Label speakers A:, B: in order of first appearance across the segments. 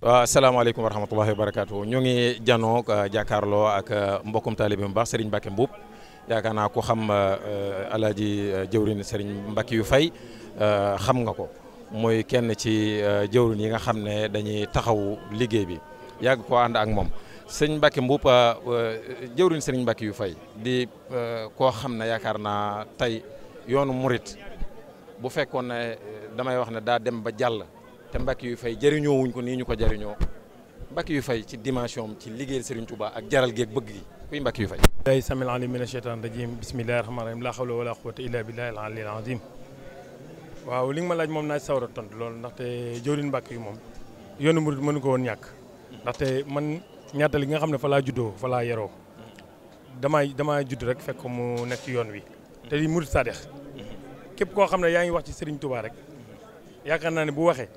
A: waaw asalaamaaleykum wa rahmatullahi wa barakaatu ñoo ngi janoo euh, jàkkaarloo ak euh, mbokkum taalibe mu baax Serigne Mbacke Mbuub yaakaar naa ko xam euh, alaaji jëwrin Serigne Mbacke yu fay xam nga ko mooy kenn ci jëwrin yi nga xam ne dañuy taxaw liggéey bi yàgg koo ànd ak moom sëñ Mbacke Mbuub jëwrin Serigne Mbacke yu fay di koo xam ne yaakaar naa tey yoonu murit bu fekkoon ne damay wax ne daa dem ba jàll te Mbacke yu fay jëriñoo wuñ ko nii ñu ko jëriñoo Mbacke yu fay ci dimension am ci liggéeyal Serigne Touba ak jaral geeg bëgg gi kuy Mbacke yu fay.
B: day samil alim mina sheytaan rajim bismillahi rahmaani rahim laa xawla wala quwata illa billahi al aliyil azim waaw li nga ma laaj moom naa sawar a tontu loolu ndaxte jëwriñ Mbacke yi moom yoonu murid mënu ko woon ñàkk ndaxte man ñaata li nga xam ne fa laa juddoo fa laa yaroo damaa damaa judd rek fekk mu nekk ci yoon wi te di murid sadex mhm. képp koo xam ne yaa ngi wax ci Serigne Touba rek yaakaar naa ne bu waxee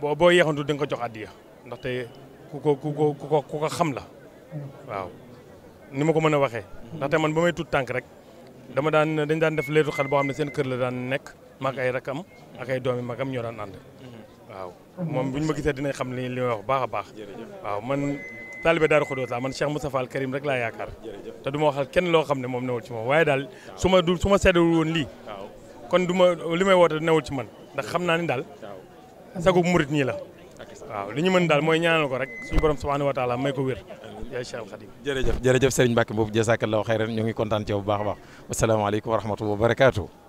B: boo boo yeexantu di ko jox addiya ndaxte ku ko ku ko ku ko ku ko xam la waaw ni ma ko mën a waxee. ndaxte man ba may tuut tànk rek dama daan dañ daan def leetu xel boo xam ne seen kër la daan nekk mag ay rakam ak ay doomi magam ñoo daan ànd. waaw moom bu ñu ma gisee dinañ xam li li may wax baax a baax. waaw man taalibe Daaru Xudoos laa man Cheikh Moustapha Al Karim rek laa yaakaar. te du ma waxal kenn loo xam ne moom newul ci moom waaye daal su du su ma seddul lii. kon du ma li may woote newul ci man ndax xam naa ni daal. sagu murit nii la waaw li ñu mën daal mooy ñaanal ko rek suñu borom subhanahu wa taala may ko wér yaa Cheikh Khadim jërëjëf
A: jërëjëf Serigne Mbacke boobu jazakallahu xayran ñu ngi kontaan ci yow bu baax a baax wasalaamaaleykum